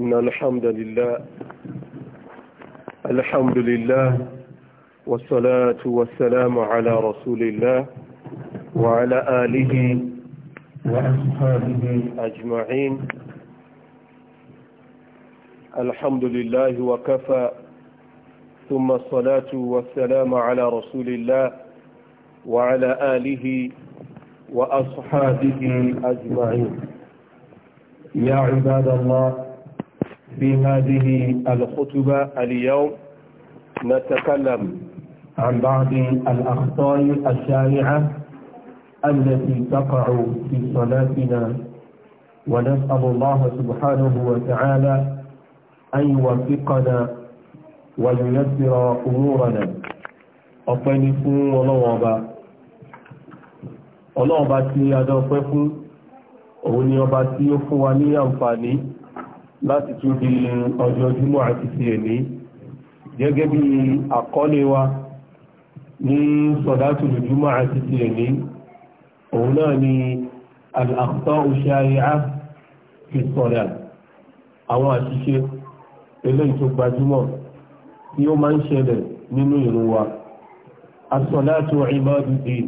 إن الحمد لله الحمد لله والصلاة والسلام على رسول الله وعلى آله وأصحابه أجمعين الحمد لله وكفى ثم الصلاة والسلام على رسول الله وعلى آله وأصحابه أجمعين يا عباد الله في هذه الخطبة اليوم نتكلم عن بعض الأخطاء الشائعة التي تقع في صلاتنا ونسأل الله سبحانه وتعالى أن يوفقنا وييسر أمورنا أطيني فون ولوابا ọlọ́ọ̀bá tí a fún òun ni ọba tí ó fún wa ní àǹfààní láti tún di ọjọ́ Jímọ̀ àti ti ẹ̀ní gẹ́gẹ́ bí àkọlé wa ní sọ̀dátù lójúmọ́ àti ti ẹ̀ní òun náà ni al-akhta'u shai'a fi sọ̀dá àwọn àṣìṣe eléyìí tó gbajúmọ̀ tí ó máa ń ṣẹlẹ̀ nínú ìrun wa as-salatu ibadu din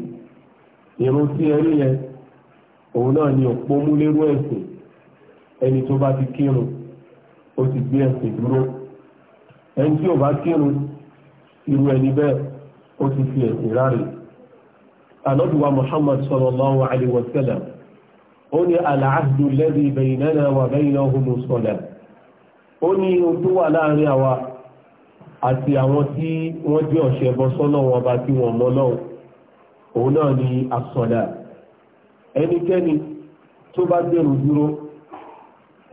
ìrun tí yẹn òun náà ni òpómúlérú ẹ̀sìn ẹni tó bá ti kírun ó ti gbé ẹsẹ̀ dúró ẹni tí ò bá kírun irú ẹni bẹ́ẹ̀ ó ti fi ẹ̀sìn rárẹ̀ anọ́dùwà Muhammad sallallahu alayhi wa sallam ó ní al-ahdu alladhi baynana wa baynahum as-salah ó ní ohun tó wà láàrin àwa àti àwọn tí wọ́n jẹ́ ọ̀ṣẹ́ bọ́ sọ́nà wọn bá tí wọ́n mọ́ lọ́wọ́ òun náà ni as ẹnikẹ́ni tó bá gbèrú dúró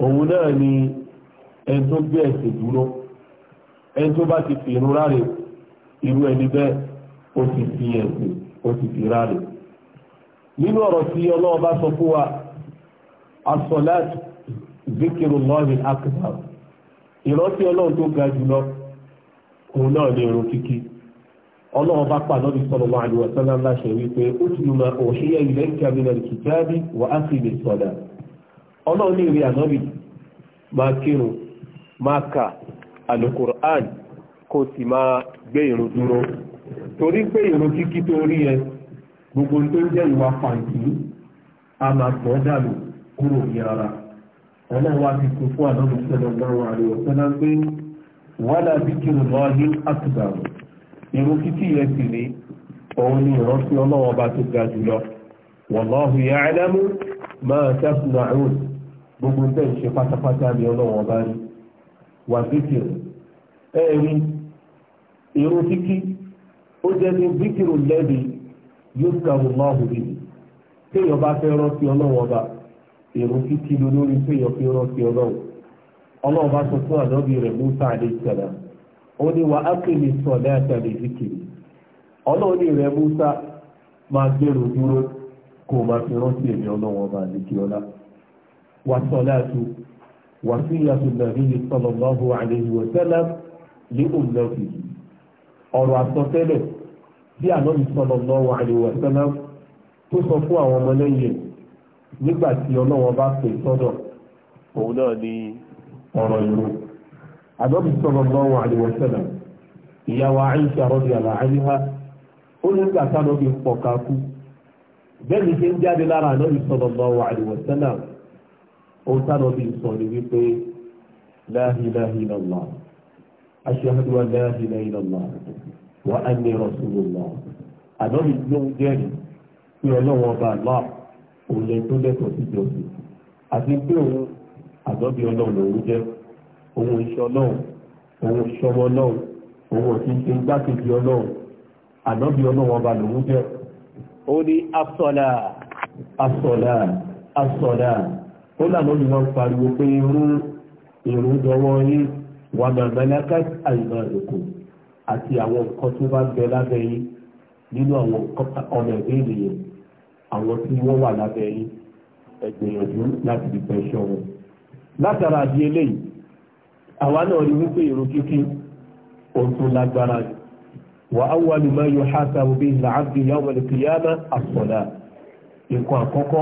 òun náà ni ẹni tó gbé ẹ̀sìn dúró ẹni tó bá ti fi irun ráre irú ẹni bẹ́ẹ̀ ó ti fi ẹ̀sìn ó ti fi ráre. nínú ọ̀rọ̀ tí ọlọ́run sọ fún wa zikiru ọlọ́run tó ga jùlọ òun náà kíkí ọlọ́run bá sọ̀rọ̀ láṣẹ wípé ó ti lu máa òṣìyẹ ilẹ̀ ìkàmìnà kìtàbí á sì lè sọ̀dà ọlọ́run maka ka alukur'an kó sì ma gbé ìrun dúró torí pé ìrun kíkí tó gbogbo tó jẹ́ ìwà fàǹtì a máa gbọ́ dànù kúrò ní ara wa ti kú fún àdánù sẹ́lẹ̀ lọ́wọ́ àríwọ̀ bí kí n ní àtúbàrù ìrun kíkí yẹn sì ni òun ni ìrántí bá tó ga jùlọ wallahu ma gbogbo tẹ́ ń ṣe pátápátá ní wàzíkìrì ẹ̀rí irun kíkí ó jẹ́ ní zíkìrì lẹ́bi yóò kàwé máa hù rí téèyàn bá fẹ́ rántí ọlọ́wọ́ ọba irun kíkí ló lórí téèyàn fi rántí ọlọ́wọ́ ọlọ́wọ́ bá sọ fún ànábì rẹ̀ Musa àdéṣẹ̀lá ó ní wà á kì í sọ lẹ́yàtà lè ọlọ́wọ́ ní rẹ̀ Musa máa gbèrò dúró kó o máa fi rántí èmi ọlọ́wọ́ ọba àdéṣẹ̀lá wà sọ láti وصية النبي صلى الله عليه وسلم لأمته ọ̀rọ̀ àsọtẹ́lẹ̀ bí ànábì sallallahu alaihi wa sallam tó sọ fún àwọn ọmọlẹ́yìn nígbà tí ọlọ́wọ́ bá pè sọ́dọ̀ òun náà ni ọ̀rọ̀ ìlú ànábì sallallahu alaihi wa sallam ìyàwó Àìṣà radiyallahu anha ó ní gbàtà náà fi pọ̀ kákú bẹ́ẹ̀ ni ṣe ń jáde lára ànábì sallallahu alaihi wa sallam ohun tá lọ́ọ́ bí sọ ni wípé la ilaha illallah ashhadu an la ilaha illallah wa anni rasulullah àdọ́bí ló ń jẹ́rìí pé ọlọ́wọ́ ọba àlá òun lè tó lẹ́tọ̀ọ́ sí ìjọsìn àti pé òun àdọ́bí ọlọ́run lòun jẹ́ òun ìṣọ́ ọlọ́run òun ìṣọ́mọ ọlọ́run òun òsì ṣe igbákejì ọlọ́run àdọ́bí ọlọ́run ọba lòun jẹ́ ó ní asọ́lá asọ́lá asọ́lá ó lànà ni wọ́n pariwo pé irú èrò dọwọ́ yín wà màmálákà àìmọ èkó àti àwọn nǹkan tó bá bẹ lábẹ́ yín nínú àwọn ọmọ ẹgbẹ́ ènìyàn àwọn tí wọ́n wà lábẹ́ yín ẹgbìyànjú láti fi pẹṣọ wọn látara àbí eléyìí àwa náà rí wípé èrò kíkí ohun tó lágbára ni wà á wà ní máa yọ hásáwó bí ìlà ábí yàwó nǹkan àkọ́kọ́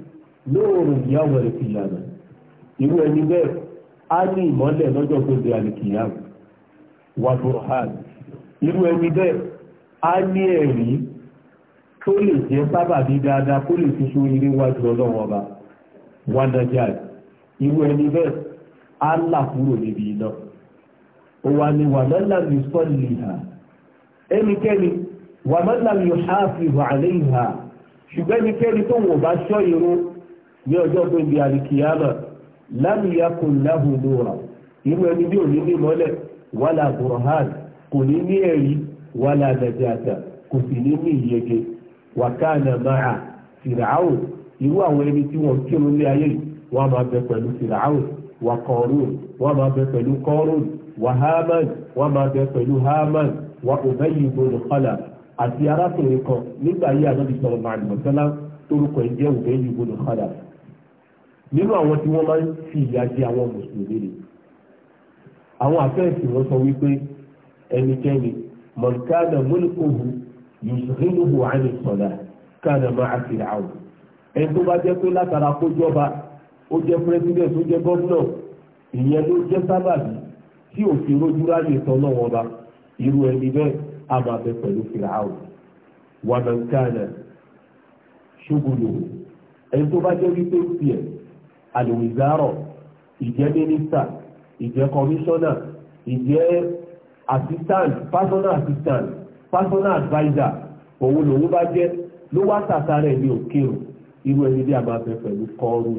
lóòrùn yàwó ẹ̀kìyàmù irú ẹni bẹ́ẹ̀ á ní ìmọ́lẹ̀ lọ́jọ́ gbogbo àlìkìyàmù wà burhan irú ẹni bẹ́ẹ̀ á ní ẹ̀rí tó lè jẹ́ sábàbí dáadáa kó lè fi sóríire wájú ọlọ́wọ́n ọba wà nàjà irú ẹni bẹ́ẹ̀ á là kúrò níbi iná òwà ni wàmọ́lá mi sọ́ọ̀lì hà ẹnikẹ́ni wàmọ́lá mi hàfi wà lẹ́yìn hà ṣùgbọ́n ẹnikẹ́ni tó wọ̀ bá ṣọ́ irun ní ọjọ́ pé bí alìkìyàmà lámìyàkùn láhùn lóra irú ẹni bí òní ní mọ́lẹ̀ wàlà burhan kò ní ní ẹ̀rí wàlà nàjàtà kò sì ní ní ìyege wàkàna máa fìràáwò irú àwọn ẹni tí wọ́n kírun ní ayé wọ́n máa bẹ pẹ̀lú fìràáwò wà kọ̀ọ̀rún wọ́n máa bẹ pẹ̀lú kọ́ọ̀rún wà wọ́n máa bẹ pẹ̀lú haman wà òbẹ́yìn ìbòrò kọ́là àti arákùnrin kan nígbà yí àdóbi nínú àwọn tí wọ́n máa ń fi ìyà jẹ àwọn mùsùlùmí ni àwọn àfẹ́ẹ̀sì wọn sọ wípé ẹnikẹ́ni mọ̀nkánà múlùkùhù yìí àní sọ̀dà kánà máa fi àwọn ẹni tó bá jẹ́ pé látara kó jọba ó jẹ́ pírẹ́sídẹ̀ntì ó jẹ́ gọ́vnà ìyẹn ló jẹ́ sábàbí tí òfin rojú ráyè tán náà wọn bá irú ẹni bẹ́ẹ̀ a máa bẹ pẹ̀lú fìràwọ̀ wàmọ̀nkánà ṣógun lòun ẹni tó bá jẹ́ wípé tiẹ̀ àlùwìzárọ̀ ìjẹ́ mínísítà ìjẹ́ kọmíṣọ́nà ìjẹ́ assistant personal assistant personal adviser òun lòun bá jẹ́ ló wá tàtàrà ẹni òkèrò irú ẹni bí a máa fẹ́ pẹ̀lú kọ́ọ̀rù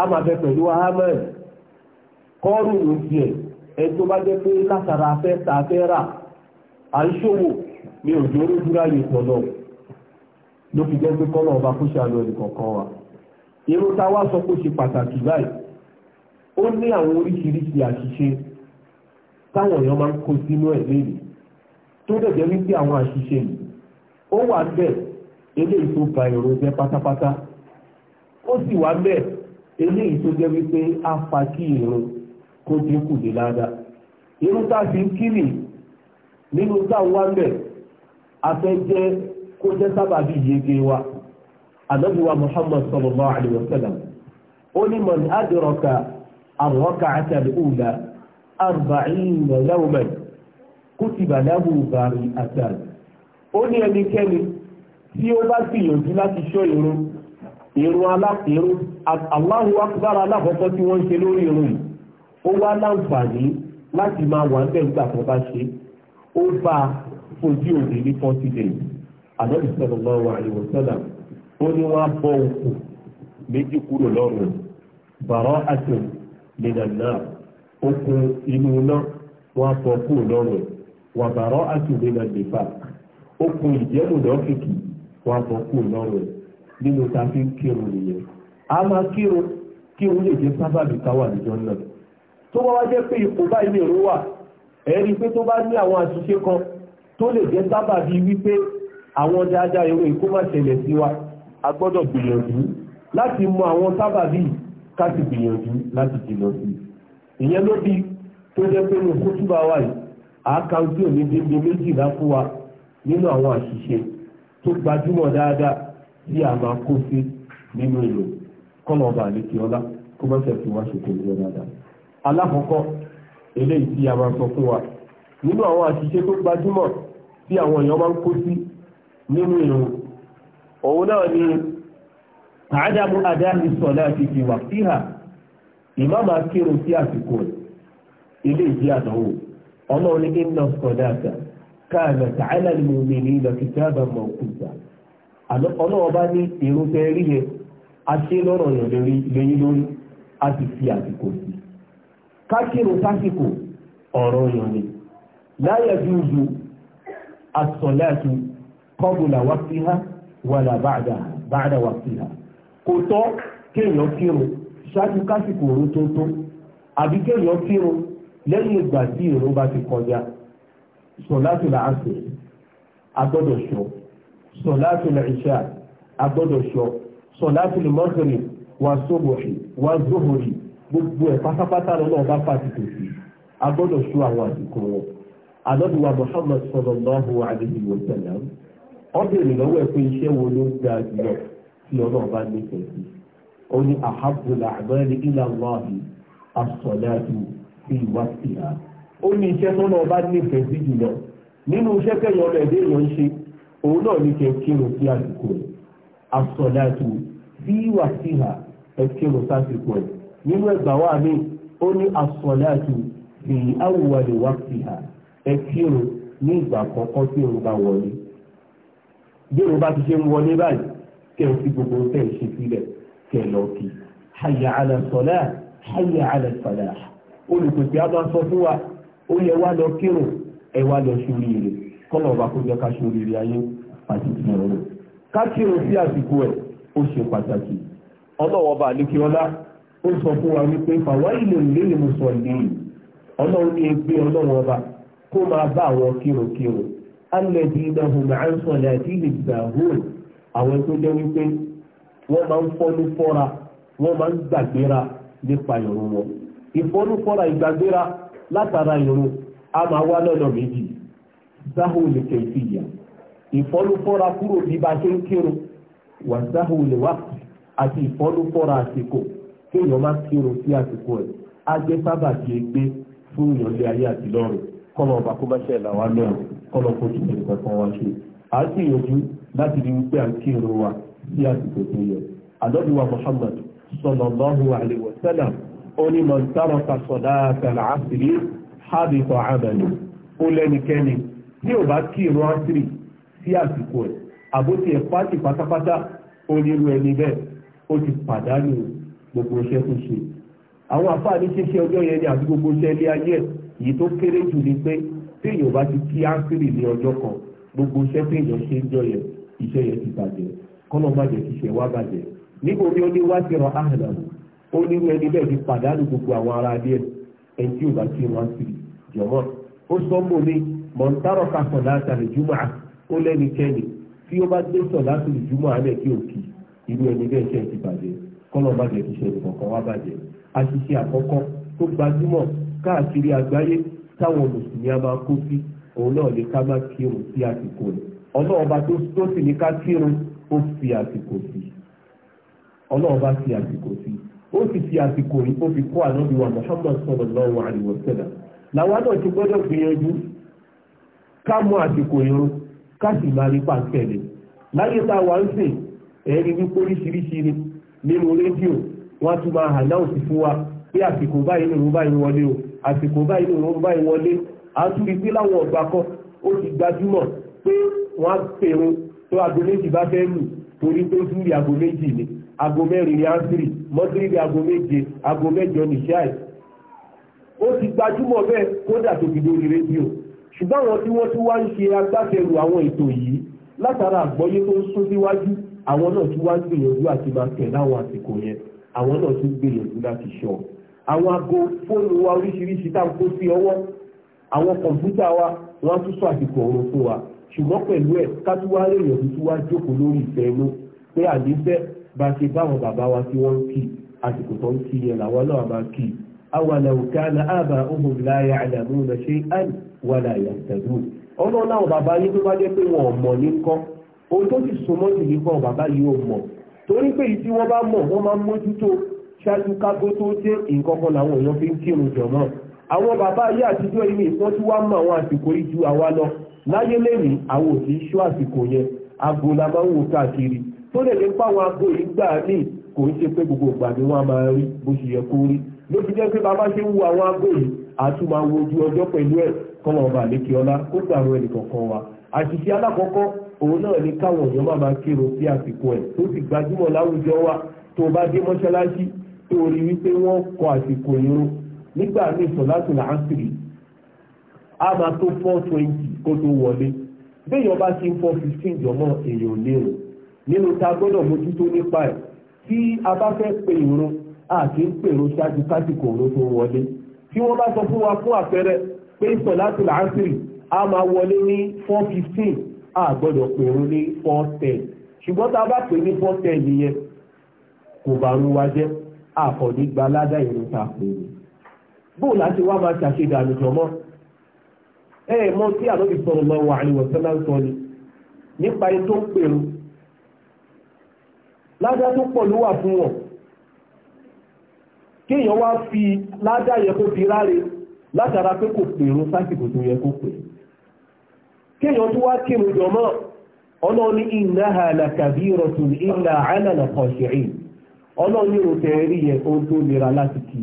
a máa fẹ́ pẹ̀lú ahmed kọ́ọ̀rù ló fi ẹ̀ ẹni tó bá jẹ́ pé látara afẹ́ tàfẹ́ rà à ń ṣòwò ní òjò orí dúró àyè pọ̀ náà ló fi jẹ́ pé kọ́nà ọba ẹnìkọ̀ọ̀kan wa irun tá a wá sọ pé ó ṣe pàtàkì báyìí ó ní àwọn oríṣiríṣi àṣìṣe táwọn èèyàn máa ń kó sínú ẹ̀ léèrè tó dẹ̀ jẹ́ wípé àwọn àṣìṣe yìí ó wà bẹ́ẹ̀ eléyìí tó ba èrò jẹ́ pátápátá ó sì wà bẹ́ẹ̀ eléyìí tó jẹ́ wípé a fa kí irun kó dínkù ní ládàá tá a fi ń kírì nínú táwọn wá bẹ́ẹ̀ a fẹ́ jẹ́ kó jẹ́ sábàbí yege wa anabiwa muhammad sallallahu alayhi wa sallam ó ní man adraka ar-rak'ata al-ula arba'ina yawman kutiba lahu bari'atan ó ní ẹnikẹ́ni tí ó bá gbìyànjú láti ṣọ́ irun irun alákùnrin Allahu akbar alákọ̀ọ́kọ́ tí wọ́n ń ṣe lórí irun yìí ó wá láǹfààní láti máa wà ń bẹ̀ nígbà tó bá ṣe ó bá fojú òde ní forty days ànábì sallallahu alaihi wasallam ó ní wọ́n á bọ́ òkú méjì kúrò lọ́rùn bara'atun minan nar òkú inú náà wọ́n á bọ́ kúrò lọ́rùn wa bara'atun minan nifaq òkú ìjẹ́mù lọ́kìkì wọ́n á bọ́ kúrò lọ́rùn nínú ta fi ń kírun nìyẹn a máa kírun kírun lè jẹ́ sábàbí káwà níjọ náà tó bá wá jẹ́ pé ipò báyìí lè rú wà ẹ̀rí pé tó bá ní àwọn àṣìṣe kan tó lè jẹ́ sábàbí wípé àwọn dáadáa irú ikú má ṣẹlẹ̀ sí wa a gbọ́dọ̀ gbìyànjú láti mọ àwọn sábàbí ká sì gbìyànjú láti jìnà sí ìyẹn ló bí tó jẹ́ pé ní kútùbà wa yìí àákáǹtì òní bíbi méjìlá fún wa nínú àwọn àṣìṣe tó gbajúmọ̀ dáadáa tí a máa kó sí nínú ìlú kọ́nà ọba àlejò ọlá kó má ṣẹ̀tún wá ṣètò ìjọ dáadáa. alákọ̀ọ́kọ́ eléyìí tí a máa sọ fún wa nínú àwọn àṣìṣe tó gbajúmọ̀ tí àwọn èèyàn máa ń kó sí nínú ìrun òun náà ni àádámú adáàlì sọ̀lá àti ìwà fíhà ìmáàmù akérò sí àsìkò ilé ìdí àdánwò ọlọ́run ní iná sọ̀lá àtà káàmẹ̀ tààlà ni mo mi ní ilẹ̀ kìtàbà mọ̀kúta ọlọ́run bá ní ìrun rí yẹn a ṣe lọ́rọ̀ yẹn lórí lẹ́yìn lórí a sì fi àsìkò sí kákérò sásìkò ọ̀rọ̀ yẹn ni láyẹ̀ bí ojú àsọ̀lá kọ́bùlà wá sí ha wàlà bàdà wá sí ha kò tọ́ kéèyàn kírun ṣáájú kásìkò òru tó tó àbí kéèyàn kírun lẹ́yìn ìgbà tí ìrun bá ti kọjá sọ̀látù làásì agbọ́dọ̀ ṣọ́ sọ̀látù làìṣà agbọ́dọ̀ ṣọ́ sọ̀látù lìmọ́sìrì wà sóbòrì wà zóhòrì gbogbo ẹ̀ pátápátá lọ́nà ọba pàtìkò sí agbọ́dọ̀ ṣọ́ àwọn àsìkò wọn. àlọ́dúnwà Muhammad sallallahu ọbẹ̀rẹ̀ lọ́wọ́ ẹ̀ pé iṣẹ́ wo ló da jùlọ tí ọlọ́run bá ní kẹ̀kẹ́ ó ní àhábùlà àgbẹ̀rẹ̀ ilà wàhí asọ̀dájú sí ìwáṣíà ó ní iṣẹ́ tó lọ́ọ́ bá nífẹ̀ẹ́ sí jùlọ nínú iṣẹ́ kẹyọ ọ̀rọ̀ ẹ̀dẹ́ èèyàn ń ṣe òun náà ní kẹ kírun sí àsìkò ẹ̀ asọ̀dájú sí ìwáṣíà ẹ kírun sásìkò ẹ̀ nínú ẹgbà wa mi ó ní asọ̀dájú sí àwùwalẹ̀ wáṣíà ẹ kírun ní ìgbà kọ̀ọ̀kan tí òun bá wọlé bí òun bá ti ṣe ń wọlé báyìí kẹ́ ẹ fi gbogbo tẹ̀ ń ṣe sílẹ̀ kẹ́ ẹ lọ kí ala sọlá hayya ala sọlá olùpèpè á fún wa ó yẹ wá lọ kírun ẹ wá lọ ṣoríire kọ́nà ọba kó jẹ́ ká ṣoríire ayé àti ìrọ̀rùn ká kírun sí àsìkò wa wípé fàwa sọ ìlú ọlọ́run alladhina hum an salatihim sahun àwọn tó jẹ́ wípé wọ́n máa ń fọ́nú fọ́ra wọ́n máa ń gbàgbéra nípa ìrun wọn ìfọ́nú fọ́ra ìgbàgbéra látara ìrun a máa wá lọ́nà méjì sahun lè kẹ̀sì ìyá ìfọ́nú fọ́ra kúrò bí bá ṣe ń kírun wà sahun lè wá àti ìfọ́nú fọ́ra àsìkò kéèyàn má kírun sí àsìkò ẹ̀ á jẹ́ sábàbí ẹgbẹ́ fún ìyànlé ayé àti lọ́run kó má ṣe ìlà wa kọ́lọ́kọ́ tó tẹ̀lé kankan wá ṣe à ń gbìyànjú láti rí wípé à ń kírun wa sí àsìkò tó yẹ àdọ́bí wa Muhammad sallallahu alaihi wa sallam ó ní man taraka salata al-asri habita amalu ó lẹ́nikẹ́ni tí ò bá kírun asiri sí àsìkò ẹ̀ àbótí ẹ̀ pátì pátápátá ó nírú ẹni bẹ́ẹ̀ ó ti pàdánù gbogbo iṣẹ́ tó ṣe àwọn àfáà ní ṣíṣe ọjọ́ yẹn ni àti gbogbo iṣẹ́ ilé ayé èyí tó kéré jù ni pé tí èèyàn bá ti kí áńsírì ní ọjọ́ kan gbogbo iṣẹ́ tí èèyàn ṣe ń jọ yẹn iṣẹ́ yẹn ti bàjẹ́ kọ́nà bàjẹ́ ti ṣẹ̀ wá bàjẹ́ níbo ni ó ní wá sí ra áhàlà ó ní wọ́n ẹni bẹ́ẹ̀ ti pàdánù gbogbo àwọn ará díẹ̀ ẹni tí ò bá kí wọn áńsírì jọ̀mọ́ ó sọ mọ́ ni mọ̀ntárọ̀ ka sọ̀dá àtàlẹ̀ júmọ́ à ó lẹ́ni kẹ́ni tí ó bá gbé sọ̀dá àtàlẹ̀ júmọ́ àlẹ́ kí ò kì irú ẹni bẹ́ẹ̀ ṣe ti bàjẹ́ kọ́nà bàjẹ́ ti ṣẹ̀ nìkan wá bàjẹ́ àṣìṣe àkọ́kọ́ tó gbajúmọ̀ káàkiri àgbáyé táwọn mùsùlùmí a máa kó sí òun náà ni ká máa kírun sí àsìkò rẹ̀ ọlọ́ọ̀ba tó sì ní ká kírun ó fi àsìkò sí fi àsìkò sí ó sì fi àsìkò yìí ó fi kó ànábi wa Muhammad sallallahu alaihi wasallam làwa náà ti gbọ́dọ̀ gbìyànjú ká àsìkò ká sì máa rí láyé tá a wà ń sìn ni nínú rédíò àsìkò báyìí òun báyìí wọlé a tún rí pé láwọn ọ̀gbà kan ó ti gbajúmọ̀ pé wọ́n á pèrun tó aago méjì bá fẹ́ lù torí pé zúrì aago méjì ni aago mẹ́rin ni ánsìrì mọ́tírì ni aago méje aago mẹ́jọ ní ṣáì ó ti gbajúmọ̀ bẹ́ẹ̀ kódà tó fi lórí rédíò ṣùgbọ́n àwọn tí wọ́n tún wá ń ṣe agbáfẹ́rù àwọn ètò yìí látara àgbọ́yé tó ń sún síwájú àwọn náà tún wá gbìyànjú àti máa tẹ̀ láwọn àsìkò yẹn àwọn náà tún gbìyànjú láti ṣọ́ àwọn aago fóònù wa oríṣiríṣi tá à ń kó sí ọwọ́ àwọn kọ̀ǹpútà wa wọ́n á tún sọ àsìkò ọ̀run fún wa ṣùgbọ́n pẹ̀lú ẹ̀ ká tún wá lè yàn tuntun wá jókòó lórí ìfẹ́ inú pé àdéfẹ́ bá ṣe báwọn bàbá wa tí wọ́n ń kì àsìkò tó ń kì yẹn làwọn náà máa kì awalaw kana aba'uhum la ya'lamuna shay'an wala yahtadun ọlọ́run láwọn bàbá yìí tó bá jẹ́ ṣáájú kágó tó dé ìkọ̀kọ̀ làwọn èèyàn fi ń kírun jọ náà àwọn bàbá ayé àtijọ́ ilé ìtọ́ tí wá mọ̀ àwọn àsìkò yìí ju àwa lọ láyé lẹ́nu àwọn òsì ṣọ́ àsìkò yẹn aago la máa ń wò káàkiri tó lè lè pa àwọn aago yìí gbà ní kò ń ṣe pé gbogbo ìgbà ni wọ́n máa rí bó ṣe yẹ kó rí ló fi jẹ́ pé bàbá ṣe ń wo àwọn aago yìí àtún máa wo ojú ọjọ́ pẹ̀lú ẹ̀ kọ́mọ ọba àlékè ọlá kó gbàrú ẹnì kọ̀ọ̀kan wa àṣìṣe alákọ̀ọ́kọ́ òun náà ni káwọn èèyàn máa máa kírun sí àsìkò ẹ̀ tó sì gbajúmọ̀ láwùjọ wa tó bá dé mọ́ṣáláṣí e rí wípé wọ́n kọ àsìkò irun nígbà míì sọ láti là ń sìrì a máa tó four twenty kó tó wọlé yọba ti ń fifteen nínú ta gbọdọ mójútó nípa ẹ̀ tí a bá fẹ́ pe irun a kì í pèrò ṣáájú kásìkò tó wọlé pe ní four ten tá a bá pè ní four ten nìyẹn kò bá àkànní gba ládá ìrun ta bó láti wá máa ṣàṣedà àlùjọ mọ́ mọ tí àlóbi sọ̀rọ̀ lọ wà sọ ni nípa ẹni tó ń pèrò ládá tó pọ̀ ló wà fún wọn kéèyàn wá fi ládá yẹ kó fi ráre látara pé kò pèrò sásìkò tó yẹ kó pè ọlọ́run ní òkè rí yẹn ohun tó nira láti kì í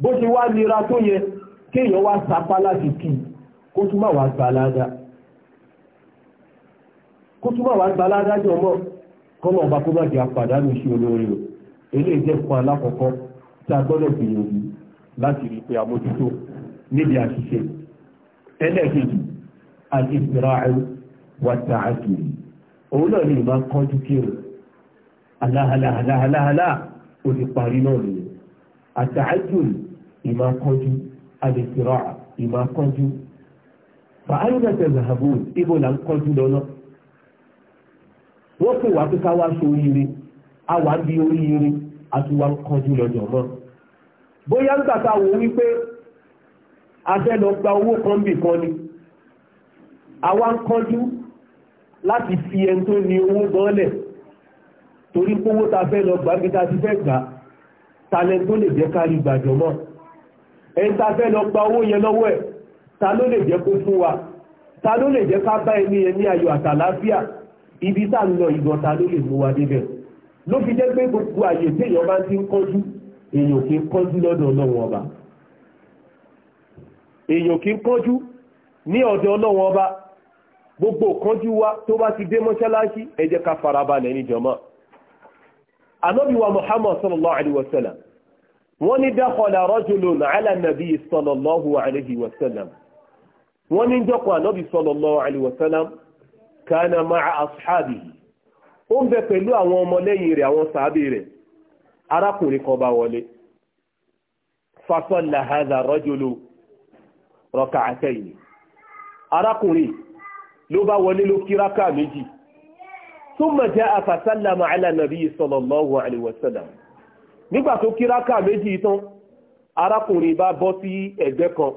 bó ṣe wá nira tó yẹ kéèyàn wá sapá láti kì kó tún wá gbalada kó wá jọ mọ́ kọ́mọ ọba kó má di apàdánù iṣẹ́ olóore o eléyìí jẹ́ fún alákọ̀ọ́kọ́ tí a gbọ́dọ̀ gbìyànjú láti rí pé níbi àṣìṣe aláhàláhàláhàláhàlá ó ti parí náà nìyẹn àtàájùl ìmọ̀ akọ́jú àdìsírọ̀ ìmọ̀ akọ́jú fàáyínà tẹ̀sàbù ibo là ń kọ́jú lọ́nà wọ́n kò wá pé ká wá so oríire a wà ń oríire a tún wá ń kọ́jú lọ́jọ́ mọ́ bóyá ń gbàtà wò wípé a lọ owó kan ni ń láti fi ẹni tó gan lẹ̀ torí kówó ta fẹ́ lọ gbàgbé ta ti fẹ́ gbà talẹ̀ tó lè jẹ́ kárí gbàjọ́ mọ́ ẹni ta fẹ́ lọ gba owó yẹn lọ́wọ́ ẹ̀ ta ló lè jẹ́ kó fún wa ta ló lè jẹ́ ká bá ẹni yẹn ní ayọ̀ àtàláfíà ibi tá ń lọ ìgbọ̀n ta ló lè mú wa débẹ̀ ló fi jẹ́ pé gbogbo àyè téèyàn bá ti ń kọjú èèyàn kì í kọjú lọ́dọ̀ ọlọ́run ọba èèyàn kì í kọjú ní ọ̀dọ̀ ọlọ́run ọba gbogbo kọjú wa tó bá ti dé mọ́ṣáláṣí ẹ jẹ́ ká farabalẹ̀ níjọ̀mọ́ ànábì wa muhammad sallallahu alayhi wa sallam wọ́n ní dakhala rajulun ala nabi sallallahu alayhi wa sallam wọ́n ní jọ́kọ̀ ànábì sallallahu alayhi wa sallam kana ma'a ashabihi ó ń bẹ pẹ̀lú àwọn ọmọlẹ́yìn rẹ̀ àwọn sàábì rẹ̀ arákùnrin kan bá wọlé rajulu raka'atayn arákùnrin ló bá wọlé ló kí thumma jaa fa sallama ala nabi sallallahu alayhi wa sallam nígbà tó kí rákà méjì tán arákùnrin bá bọ́ sí ẹ̀gbẹ́ kan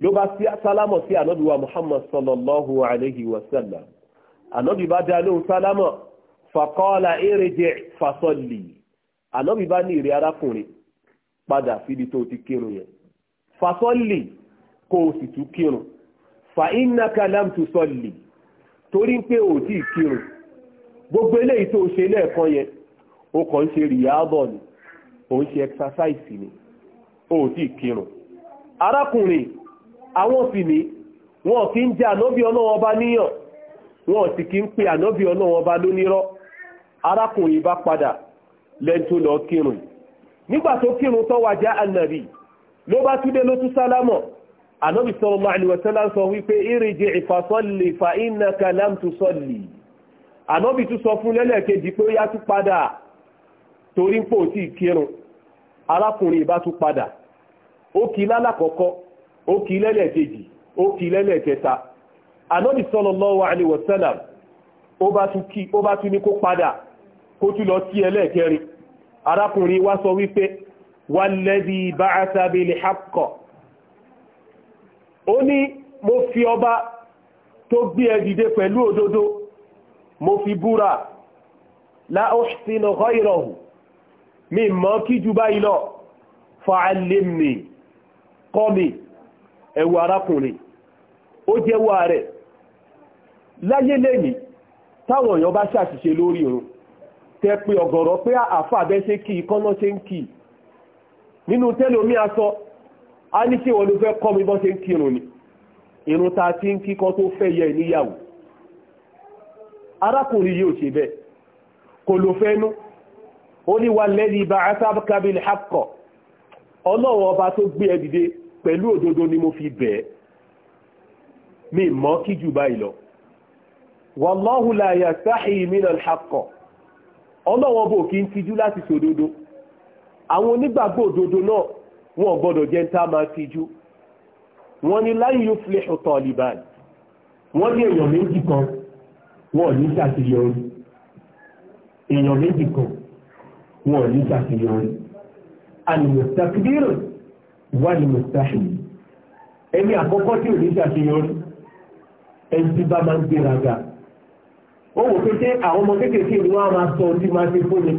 ló bá sálámọ̀ sí ànábì wa muhammad sallallahu alayhi wa sallam ànábì bá dá lóhùn sálámọ̀ faqala irji' fa salli ànábì bá ní ìrẹ́ arákùnrin padà síbi tó ti kírun pé ò tí ì gbogbo eléyìí tó ṣe lẹ́ẹ̀kan yẹn ó kàn ń ṣe rìyáàbọ̀ ni ó ń ṣe ẹksasáìsì ni ó ti kírun arákùnrin àwọn sì ní wọn kì í jẹ ànábì ọlọ́wọ́ bá níyàn wọn sì kì í pe ànábì ọlọ́wọ́ bá lónírọ́ arákùnrin bá padà lẹ́ni tó lọ kírun nígbà tó kírun tó wájá ànàbì ló bá túdé ló tún sálámọ̀ ànábì sallallahu alaihi wasallam sọ wípé irji' fasalli fa innaka lam tusalli ànábì tún sọ fún lẹ́lẹ́kejì pé ó yá tún padà torí ń pò tí ì kírun arákùnrin ìbá tún padà ó kí lálàkọ́kọ́ ó kí lẹ́lẹ́kejì ó kí lẹ́lẹ́kẹta ànábì sallallahu alaihi wasallam ó bá tún kí ó bá tún ní kó padà kó tún lọ sí ẹlẹ́kẹrin arákùnrin wá sọ wípé walladhi ba'atha bil haqq ó ní mo fi ọba tó gbé ẹ dìde pẹ̀lú òdodo mo fi búra láòsínú ọ̀ìrọ̀hù mi mọ́ kí ju báyìí lọ fa'allimni kọ́ mi ẹ̀wọ̀ arákùnrin ó jẹ́wọ́ rẹ̀ láyé lẹ́ni táwọn èèyàn bá ṣàṣìṣe lórí irun tẹ́ pé ọ̀gọ̀rọ̀ pé àfà abẹ́ṣe kí ikọ́nà ṣe ń kí nínú tẹ́lómi aṣọ a ní ṣe wọ́n ló fẹ́ kọ́ mi bọ́ ṣe ń kírun ni irun ta ti ń kíkọ́ tó fẹ́ yẹ níyàwó arákùnrin yóò ṣe bẹ́ẹ̀ kò ló fẹ́nu ó ní wà lẹ́ni ibà asábkábìlì hakọ̀ ọlọ́wọ́ ọba tó gbé ẹ dìde pẹ̀lú òdodo ni mo fi bẹ̀ ẹ́ mi mọ́ kí jù báyìí lọ wàlọ́hù láyà sáhì mìíràn hakọ̀ ọlọ́wọ́ bò kí n tijú láti sòdodo wọ́n ní láyé yóò fi lè ṣọ̀tọ̀ ọ̀lìbàn wọ́n ní èèyàn méjì kan wọn ò ní ṣàṣeyọrí èèyàn méjì kan wọn ò ní ṣàṣeyọrí alìmọ̀tàkìdírò wà ní mọ̀tàṣì ẹni àkọ́kọ́ tí ò ní ṣàṣeyọrí ẹni tí bá máa ń gbéraga ó wò pé ṣé àwọn ọmọ kéékèèké ni wọ́n á máa sọ ọdún máa ṣe fún mi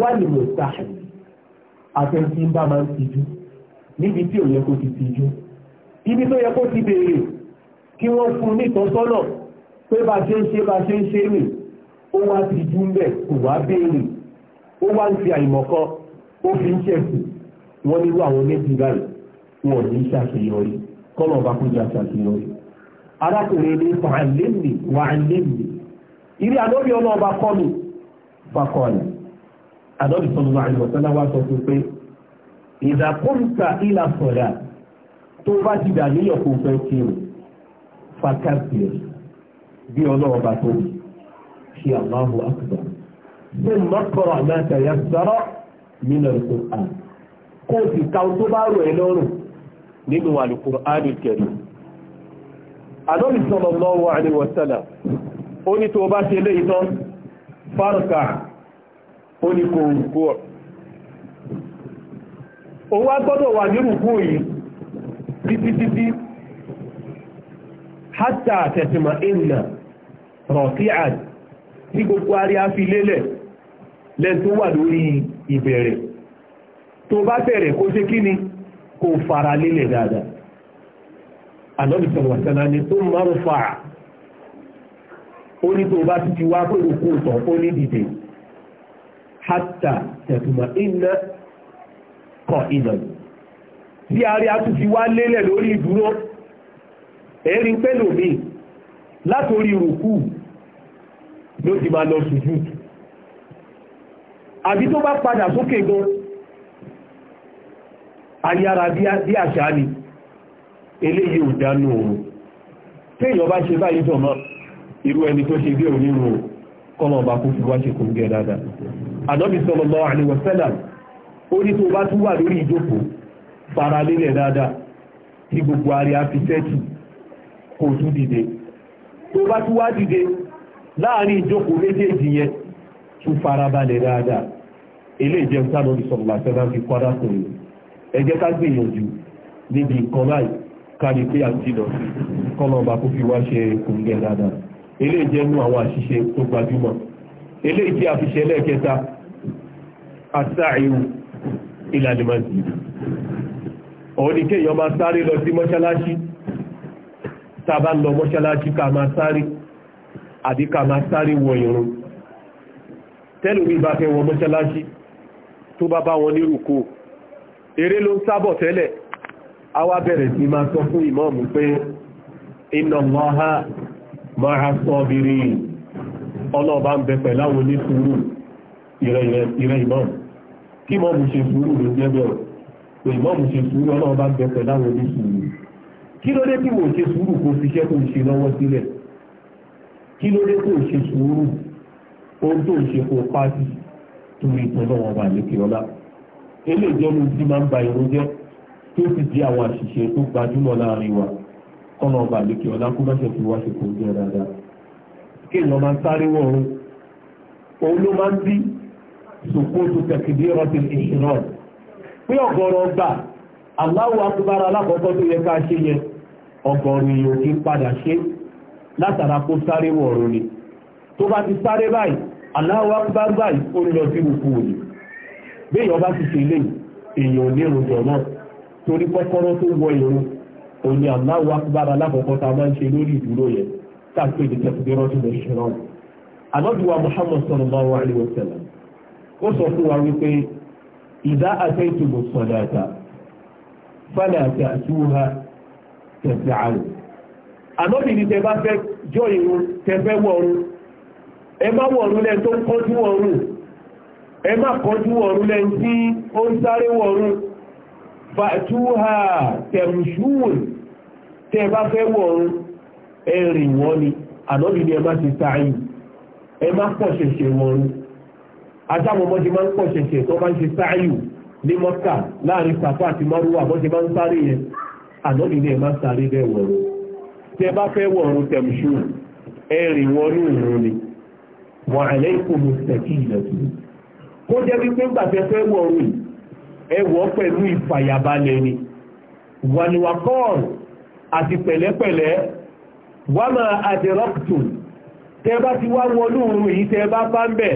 wà ní mọ̀tàṣì àtẹ̀sí bá máa ń tijú níbi tí ò yẹ kó ti tijú ibi tó yẹ kó ti béèrè kí wọ́n fún un ní ìtọ́sọ́nà pé bá ṣe ń ṣe bá ṣe ń ṣe rìn ó wá ti jú ń bẹ̀ kò wá béèrè ó wá ń fi àìmọ̀kọ́ ó fi ń ṣẹ̀kù wọ́n nílò àwọn méjì báyìí wọn ní ṣàṣeyọrí kọ́nà bá kó jẹ́ àṣàṣeyọrí. arákùnrin ní fàálẹ́mì wàálẹ́mì ìrí àdóbi ọlọ́ọ̀bá kọ́ mi fakọ́ọ̀lá àdóbi sọ̀rọ̀ àìmọ̀sánná wá sọ fún pé tó bá ti dà bí ọlọ́run bá tó ṣe Allahu akbar ṣé mọ́kọ̀rọ̀ àmàtà yẹn sọ̀rọ̀ nínú Al-Qur'an kó o sì ka o tó bá rọ̀ ẹ́ lọ́rùn nínú Al-Qur'an Karim Ànábì sallallahu alaihi wasallam ó ní tó bá ṣe léyìí tán fárùkà ó ní kò rùkú ọ̀ ó wá wà ní rùkú yìí títí títí hátà tẹ̀sìmọ̀ ìnà rọ̀tíàn tí gbogbo arí á fi lélẹ̀ lẹ́n tó wà lórí ìbẹ̀rẹ̀ tó bá bẹ̀rẹ̀ kó ṣe kí ni kò fara lélẹ̀ dáadáa ànábì sọ̀rọ̀ sẹ́nà ni tó máa ń fa ó ní tó bá ti ti wá pé òkú ìtàn ó ní dìde hátà tẹ̀tùmá iná kọ ìdàgbò tí arí á tún wá lélẹ̀ lórí ìdúró ẹ̀rí pẹ́lòmíì látòrí rùkú ló ti máa lọ sùjú àbí tó bá padà sókè gan ayára bí àṣà ni eléyìí ò dánú òun téèyàn bá ṣe báyìí tọ̀mọ́ irú ẹni tó ṣe bí òun nínú kọ́mọ̀ bá kó fi wá ṣe kò ń gẹ̀ dáadáa ànábì sallallahu alaihi wasallam ó ní tó bá tún wà lórí ìjókòó fara gbogbo fi sẹ́tù kò tún dìde tó bá tún wá láàrin ìjókòó méjèèjì yẹn tún farabalẹ̀ dáadáa ilé ìjẹun sáà lórí sọ̀rọ̀ àti ẹ̀rọ fi kọ́dá sọ̀rọ̀ ẹ jẹ́ ká gbìyànjú níbi nǹkan báyìí kárí pé àti lọ kọ́nà ọba kó fi wá ṣe kòǹgẹ́ dáadáa ilé ìjẹun àwọn àṣìṣe tó gbajúmọ̀ ilé ìjẹ́ àfiṣẹ́ lẹ́ẹ̀kẹta àtàríwù ìlànìmọ̀sí òun ni kéèyàn máa sáré lọ sí mọ́ṣáláṣí tá a bá ń lọ mọ́ṣáláṣí ká máa sáré àbí ká máa sáré wọ ìrun tẹ́lùmí bá fẹ́ wọ mọ́ṣáláṣí tó bá bá wọn ní rùkú eré ló ń sábọ̀ tẹ́lẹ̀ a wá bẹ̀rẹ̀ sí máa sọ fún ìmọ̀ọ̀mù pé inna Allaha ma'a sabirin ọlọ́ọ̀bá ń bẹ pẹ̀láwọn ní sùúrù ìrẹ ìmọ̀ọ̀mù kí mọ́ọ̀mù ṣe sùúrù ló jẹ́ bẹ̀rẹ̀ pé ìmọ̀ọ̀mù ṣe sùúrù ọlọ́ọ̀bá ń bẹ pẹ̀láwọn ní sùúrù kí ló dé tó ṣe sùúrù ohun tó ṣe kó pàdé torí ìtọ́lọ́wọ́ wà lékè ọlá eléjọ́nu máa ń ba di àwọn àṣìṣe tó gbajúmọ̀ láàrin wa kọ́nà ọba lékè ọlá kó má fi wá ṣe kó jẹ́ dáadáa kéèyàn máa ń sáré wọ̀run òun ló máa ń bí sòkóso tẹkìdírọ́tì ìṣìíràn pé ọ̀gọ̀rọ̀ ọgbà tó yẹ ká ṣe yẹn ọ̀gọ̀rọ̀ èèyàn padà látara kó sáré wọ̀rọ̀ ni tó bá ti sáré báyìí Allahu Akbar báyìí ó lọ sí òkú òní béèyàn bá ti ṣe lè èèyàn ní ìrùjọ náà torí kọ́kọ́rọ́ tó wọ ìrun òní alákọ̀ọ́kọ́ ta máa ń ṣe lórí ìdúró yẹn káàkiri ìdí tẹ̀síbírọ́ tó lọ ṣe náà ànábìwá Muhammad sallallahu alaihi wa sallam ó sọ fún wa wípé ìdá àtẹ́tùmù sọ̀dàtà ànọ́bì ni tẹ bá fẹ́ jọ ìrun tẹ fẹ́ wọ̀run ẹ má wọ̀run lẹ́n tó ń kọjú wọ̀run ẹ má kọjú wọ̀run lẹ́n tí ó ń sáré wọ̀run fàtúhà tẹ̀mùsùn tẹ bá fẹ́ wọ̀run ẹ rìn wọ́n ni ànọ́bì ni ẹ má ti sáyìn ẹ má pọ̀ ṣẹ̀ṣẹ̀ wọ̀run ajámọ̀mọ́ ń pọ̀ tó bá ń ṣe sáyìn ní mọ́ta láàrin sàfà àti márùwà bọ́ tẹ bá fẹ́ wọ̀run tẹ̀mṣù ẹ̀rìn wọnú ìrún ni wà alaykum mustaqilatu kó jẹ́ wípé ń gbàfẹ́ fẹ́ wọ̀run ẹwọ́ pẹ̀lú ìfàyàbalẹ̀ ni wàníwàkọ́ọ̀n àti pẹ̀lẹ́pẹ̀lẹ́ wà máa àdẹ̀rọ́pùtù tẹ bá ti wá wọnú ìrún yìí tẹ bá bá ń bẹ̀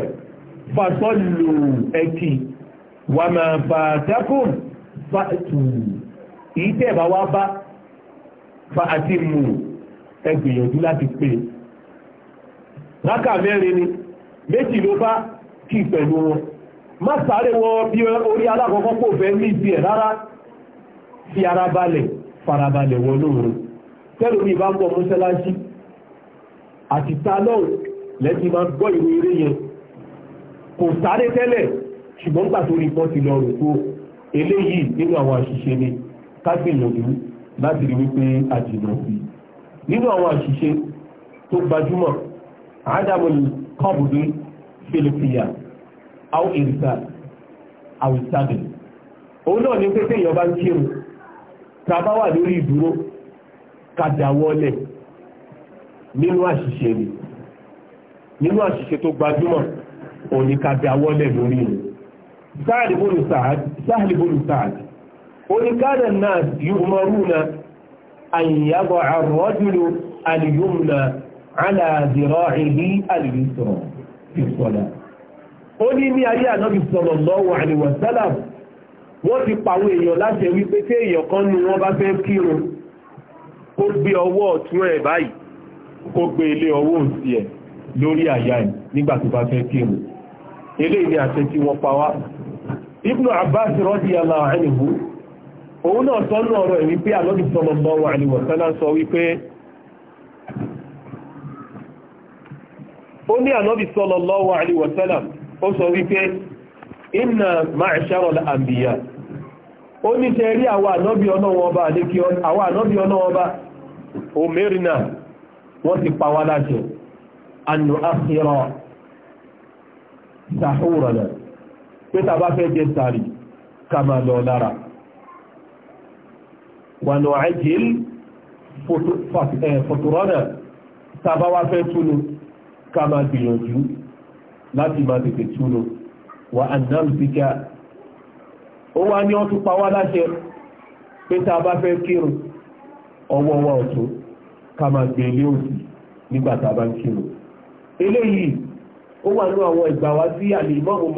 fàṣọ́lù ẹ̀kì wà máa fàtẹ́kùn fàtù yìí bá wá bá fàtìmù ẹ gbìyànjú láti pè é rákà mẹ́rin ni méjì ló bá kí pẹ̀lú wọn má sáré wọn bí orí alákọ̀ọ́kọ́ kò fẹ́ ní ibi ẹ̀ rárá fi ara balẹ̀ farabalẹ̀ wọn lóòrùn tẹ́lú mi bá ń bọ̀ mọ́ṣáláṣí àti ta náà lẹ́tí máa ń gbọ́ ìwé eré yẹn kò sáré tẹ́lẹ̀ ṣùgbọ́n gbà tó rí pọ́ ti lọ rò tó eléyìí nínú àwọn àṣìṣe ni ká gbìyànjú láti rí wípé a jìnnà nínú àwọn àṣìṣe tó gbajúmọ̀ àádámọ̀lù bụ filipiya au irisa au isabe òun náà ni pépé èèyàn ń kírun bá wà lórí ìdúró ká nínú àṣìṣe ni nínú àṣìṣe tó gbajúmọ̀ òun ni ká lórí ni sáàlì ní káàdà náà yóò àyíyàbọ̀ àrọ́jùlù alìyùmùnà aláàdìrọ̀ ìdí alìyùsọ̀rọ̀ ìsọ̀lá ó ní ní ayé ànábì sọ̀rọ̀ lọ́wọ́ àníwọ̀sálà wọ́n ti pàwọn èèyàn láti ẹ̀wí pé tí èèyàn kan ní wọ́n bá fẹ́ kírun kó gbé ọwọ́ ọ̀tún ẹ̀ báyìí kó gbé ilé ọwọ́ òsì ẹ̀ lórí àyà ẹ̀ nígbà tó bá fẹ́ kírun eléyìí ni àṣẹ tí wọ́n pa wá Ibn Abbas radiyallahu anhu òun náà sọ ní ọ̀rọ̀ ìwí pé àlọ́dì sọmọ bọ́ wà ní wọ̀sánà sọ wípé ó ní àlọ́dì sọmọ lọ́ wà wọ̀sánà ó sọ wípé iná máa ṣàrọ̀ àmbìyà ó ní ṣe rí àwọn ànábì ọlọ́wọ́ wànúwàájìl fòtòrọ́nà tàbá fẹ́ túnú ká máa gbìyànjú láti máa tètè túnú wà àdánùsíkà ó wá ní ọtún pa wá láṣẹ pé tàbá fẹ́ ọwọ́ wa ọ̀tún ká máa gbé ilé òsì nígbà tàbá ń kírun eléyìí ó wà nínú àwọn ìgbà wá sí àlèmọ́ọ̀mù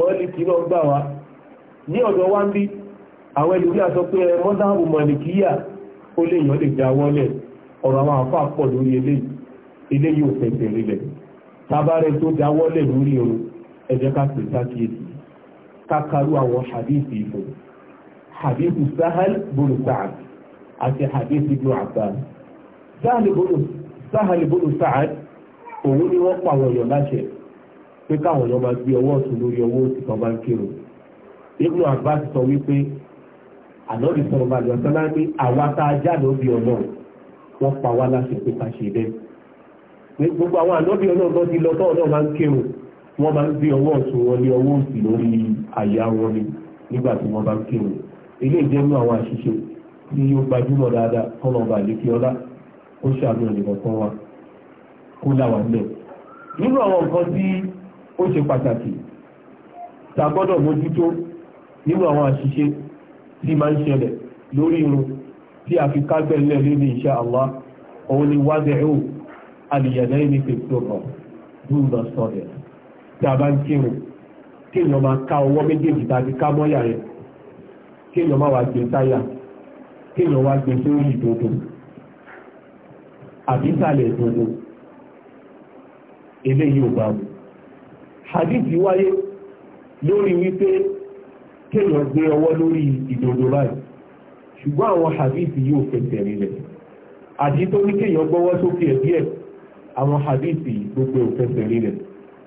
mọ́lìkì ó lè yàn lè já wọ́lẹ̀ ọ̀rọ̀ àwọn àfà pọ̀ lórí eléyìí eléyìí ò fẹsẹ̀ rinlẹ̀ tabarẹ́ tó já wọ́lẹ̀ o ẹ ká pè sákìyèsí ifo àwọn sahal bolo saad àti hadithi ibn abbas sahal bolo saad òun ni wọ́n pa àwọn láṣẹ pé káwọn máa gbé ọwọ́ lórí ọwọ́ òsì kan bá àlọ́rì sọ̀rọ̀ bá lọ sọ́lá ní àwa tá a já lóbi ọlọ́run wọ́n pa wá láṣẹ pé ká ṣe bẹ́ẹ̀. pé gbogbo àwọn àlọ́bí ọlọ́run tó ti lọ tọ́ ọlọ́run máa ń kírun wọ́n máa ń gbé ọwọ́ ọ̀tún wọn ní ọwọ́ òsì lórí àyà wọn ni nígbà tí wọ́n bá ń kírun. ilé ìjẹ́nu àwọn àṣìṣe tí ó gbajúmọ̀ dáadáa tọ́nà ọba àlékí ọlá ó ṣàánú ẹnìkan kan tí máa ń ṣẹlẹ̀ lórí irun tí a fi kágbẹ́ lẹ́lẹ́ ní insha Allah òun ni wádẹ́ẹ̀hù alìyànlẹ́ ní pẹ̀tọ́rọ̀ dúró sọ̀rẹ̀ tí a bá ń kírun kí èèyàn máa ká ọwọ́ méjèèjì tàbí ká mọ́yà rẹ̀ kí èèyàn máa wá gbé táyà kí èèyàn wá gbé sórí ìdodo àbí ìsàlẹ̀ ìdodo eléyìí ò bá mu. hadithi wáyé lórí wípé kéèyàn gbé ọwọ́ lórí ìdòdó báyìí ṣùgbọ́n àwọn hadith yóò fẹsẹ̀ rinlẹ̀ àti tó ní kéèyàn gbọ́wọ́ sókè ẹ̀ díẹ̀ àwọn hadith gbogbo ò fẹsẹ̀ rinlẹ̀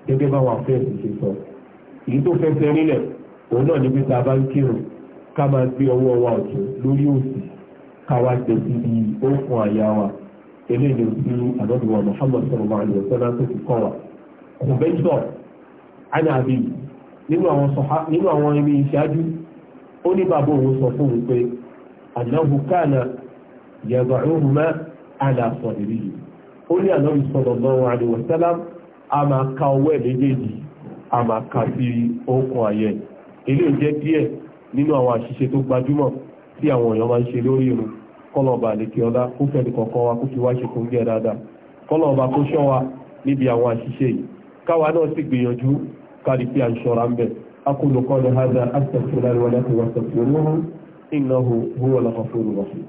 gẹ́gẹ́ bá wọn fẹ́ẹ̀sì ṣe sọ èyí tó fẹsẹ̀ rinlẹ̀ òun náà níbi tá a bá ń kírun ká máa gbé ọwọ́ wa ọ̀tún lórí òsì káwa jẹ síbi òkun àyà wa eléyìí ló fi àdọ́dúnwà Muhammad sallallahu alaihi wasallam tó fi kọ́ wa kò bẹ́ẹ̀ nínú àwọn ibi ìṣáájú ó ní bàbá òun sọ fún òun pé ànáhù káàna yẹ̀gbàrúhùn mẹ́ àdàsọ̀ ìrí yìí ó ní ànáhù sallallahu alaihi wasallam a máa ka ọwọ́ ẹ̀ méjèèjì a máa ka sí okùn ayẹ ilé jẹ́ díẹ̀ nínú àwọn àṣìṣe tó gbajúmọ̀ tí àwọn èèyàn máa ń ṣe lórí irun kọlọ̀ọ̀bà àlèkè ọlá kó fẹ́ni kọ̀ọ̀kan wa kó fi wá ṣe kó dáadáa kọlọ̀ọ̀bà kó ṣọ́ wa níbi àwọn àṣìṣe yìí káwa náà sì gbìyànjú قال في انشور عمبر أقول قول هذا أستغفر الله الولاك واستغفروه إنه هو الغفور الرحيم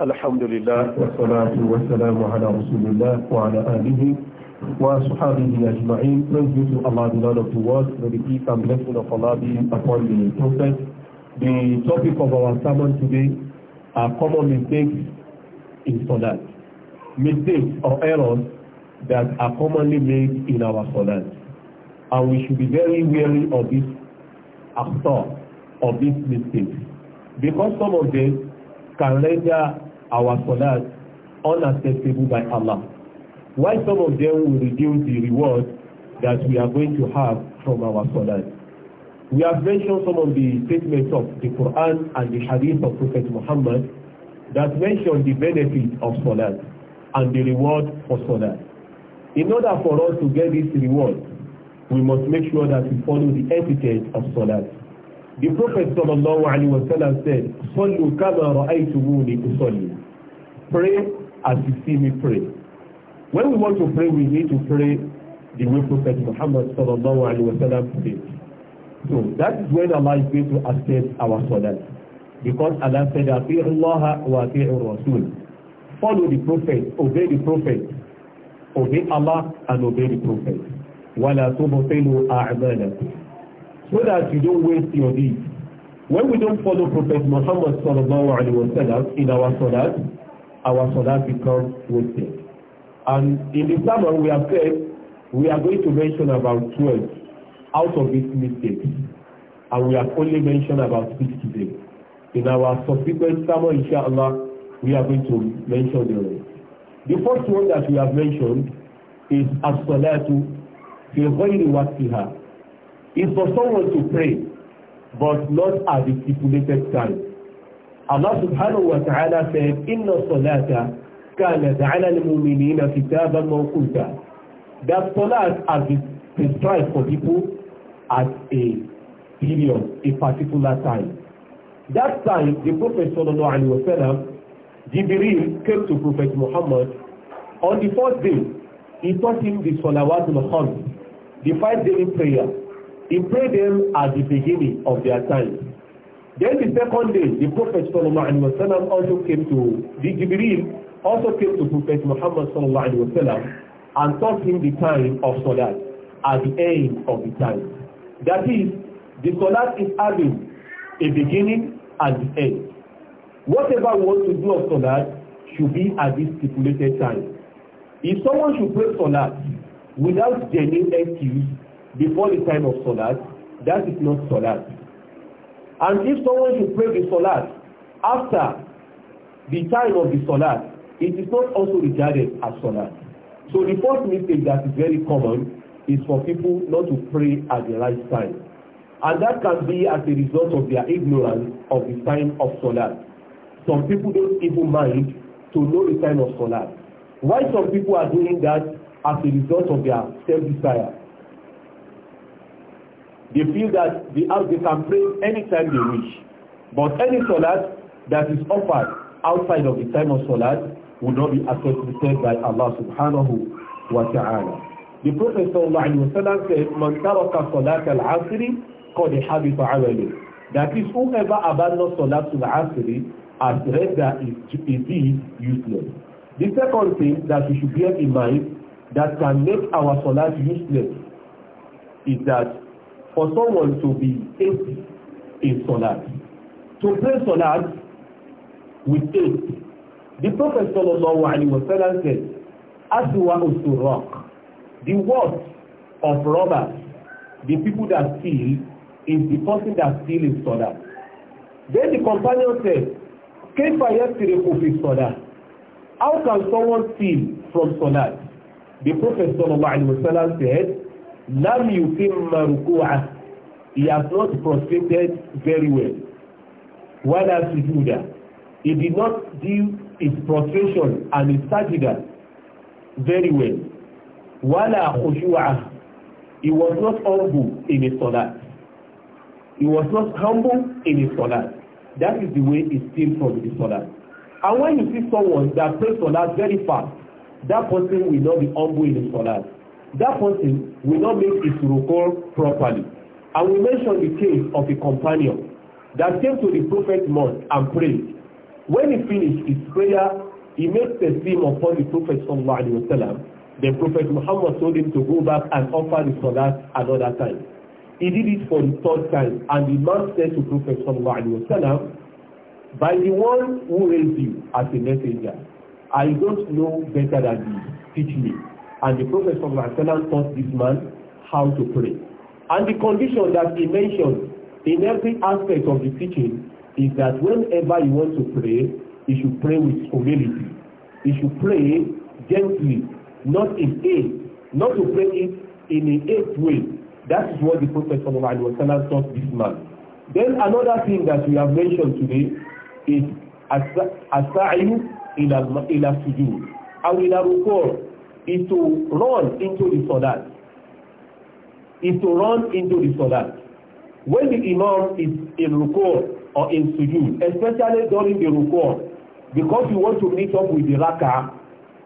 الحمد لله والصلاة والسلام على رسول الله وعلى آله وصحابه أجمعين نزلت الله دلالة الواس ولكي تملكنا فلا بي أقوال من التوفيق The topic of our sermon today are common mistakes in Salat. Mistakes or errors that are commonly made in our Salat. And we should be very wary of this akhtar, of these mistakes. Because some of them can render our Salat unacceptable by Allah. Why some of them will reduce the reward that we are going to have from our Salat. We have mentioned some of the statements of the Quran and the Hadith of Prophet Muhammad that mention the benefit of Salat and the reward for Salat. In order for us to get this reward, we must make sure that we follow the etiquette of Salat. The Prophet sallallahu alaihi wasallam said, Sallu kama ra'aytumuni usalli. Pray as you see me pray. When we want to pray, we need to pray the way Prophet Muhammad sallallahu alaihi wasallam prayed. So that is when Allah is going to accept our salah, Because Allah said, Ati'ullaha wa ati'ur Rasul. Follow the Prophet, obey the Prophet. Obey Allah and obey the Prophet. Wala tubtilu a'malakum. So that you don't waste your deeds. When we don't follow Prophet Muhammad sallallahu alaihi wasallam in our salat, our salat becomes wasted. And in the sermon we have said, we are going to mention about 12 out of this mistakes, and we have only mentioned about six today in our subsequent sermon inshallah we are going to mention the rest the first one that we have mentioned is as-salatu fi ghayri waqtiha is for someone to pray but not at the stipulated time Allah subhanahu wa ta'ala said inna salata كانت على المؤمنين كتابا موقوتا that salat has been prescribed for people at a period, a particular time. That time, the Prophet sallallahu alaihi wasallam, Jibril came to Prophet Muhammad. On the first day, he taught him the Salawatul Khams, the five daily prayer. He prayed them at the beginning of their time. Then the second day, the Prophet sallallahu alaihi wasallam also came to, the Jibril also came to Prophet Muhammad sallallahu alaihi wasallam and taught him the time of Salat at the end of the time. That is, the salat is having a beginning and an end. Whatever we want to do of salat should be at this stipulated time. If someone should pray salat without genuine excuse before the time of salat, that is not salat. And if someone should pray the salat after the time of the salat, it is not also regarded as salat. So the first mistake that is very common is for people not to pray at the right time. And that can be as a result of their ignorance of the time of Salat. Some people don't even mind to know the time of Salat. Why some people are doing that as a result of their self-desire? They feel that they, have, they can pray anytime they wish. But any Salat that is offered outside of the time of Salat will not be accepted by Allah subhanahu wa ta'ala. The Prophet ﷺ said, Man taraka salat al-asri, qad habita amalu. That is, whoever abandons salat al-asri, has rendered his deed useless. The second thing that we should bear in mind that can make our salat useless is that for someone to be hasty in salat, to pray salat with haste, the Prophet sallallahu alaihi wasallam said, "Aswa usurraq." The worst of robbers, the people that steal, is the person that steal is soda. Then the companion said, Kaifa yastiriku fi soda. How can someone steal from soda? The Prophet sallallahu alaihi wasallam said, Lam yutimma ruku'ah. He has not prostrated very well. Wala sujuda. He did not do his prostration and his sajida very well wala khushu'a. He was not humble in his salat. He was not humble in his salat. That is the way he seems from the salat. And when you see someone that prays salat very fast, that person will not be humble in his salat. That person will not make his rukor properly. And we mentioned the case of a companion that came to the prophet mosque and prayed. When he finished his prayer, he made theme upon the prophet sallallahu alaihi wasallam The Prophet Muhammad told him to go back and offer the salat another time. He did it for the third time, and the man said to Prophet Sallallahu Alaihi Wasallam, by the one who raised you as a messenger, I don't know better than you. Teach me. And the Prophet Sallallahu Alaihi Wasallam taught this man how to pray. And the condition that he mentioned in every aspect of the teaching is that whenever you want to pray, you should pray with humility. You should pray gently not in aid, not to pray it in an aid way. That is what the Prophet Sallallahu Alaihi Wasallam taught this man. Then another thing that we have mentioned today is as-sa'yu ila ila sujud aw ila ruku' is to run into the salat is to run into the salat when the imam is in ruku' or in sujud especially during the ruku' because you want to meet up with the rak'ah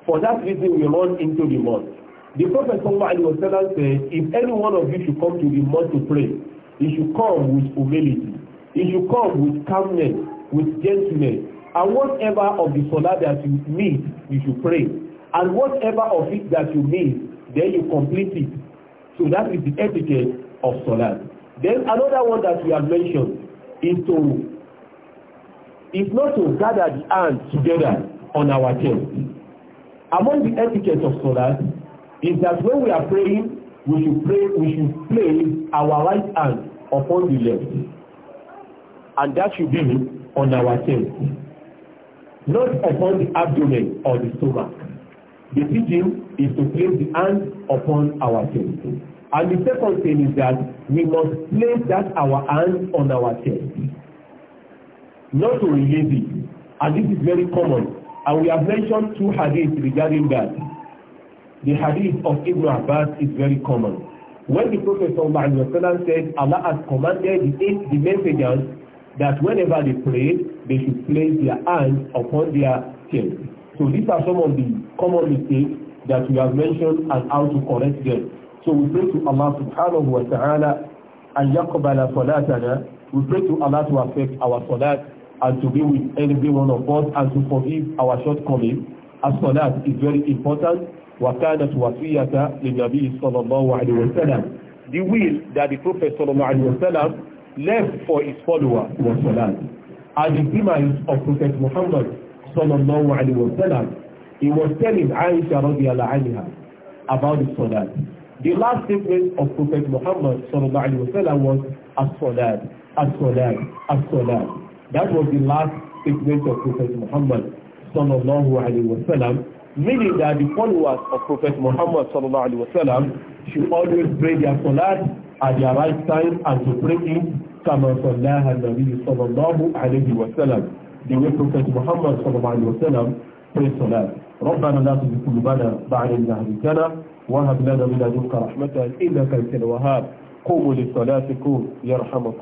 For that reason, we run into the mosque. The Prophet sallallahu alaihi wasallam said, if any one of you should come to the mosque to pray, he should come with humility. He should come with calmness, with gentleness. And whatever of the salah that you need, you should pray. And whatever of it that you need, then you complete it. So that is the etiquette of salah. Then another one that we have mentioned is to is not to gather the hands together on our chest. Among the etiquette of Salat is that when we are praying, we should pray, we should place our right hand upon the left. And that should be on our chest, not upon the abdomen or the stomach. The teaching is to place the hand upon our chest. And the second thing is that we must place that our hand on our chest, not to release it. And this is very common And we have mentioned two hadiths regarding that. The hadith of Ibn Abbas is very common. When the Prophet Sallallahu Alaihi Wasallam said, Allah has commanded the eight the messengers that whenever they pray, they should place their hands upon their chest. So these are some of the common mistakes that we have mentioned and how to correct them. So we pray to Allah subhanahu wa ta'ala and yaqbala salatana. We pray to Allah to accept our salat and to be with every one of us and to forgive our shortcomings. as for that is very important. وَكَانَتْ وَصِيَّةَ لِلنَّبِيِّ صَلَى اللَّهُ عَلَيْهِ وَسَلَّمَ The will that the Prophet صلى الله عليه وسلم left for his follower was salat. At the demise of Prophet Muhammad صلى الله عليه وسلم, he was telling Aisha radiyallahu anha about the salat. The last statement of Prophet Muhammad صلى الله عليه وسلم was as-salat, as-salat, as-salat. That was the last statement of Prophet Muhammad sallallahu alayhi wa sallam, meaning that the followers of Prophet Muhammad sallallahu alayhi wa sallam should always pray their salat at their right time and to pray in kama sallaha nabi sallallahu alayhi wa sallam. The way Prophet Muhammad sallallahu alayhi wa sallam prayed salat. ربنا لا تزغ قلوبنا بعد إذ هديتنا وهب لنا من لدنك رحمة إنك أنت الوهاب قوموا لصلاتكم يرحمكم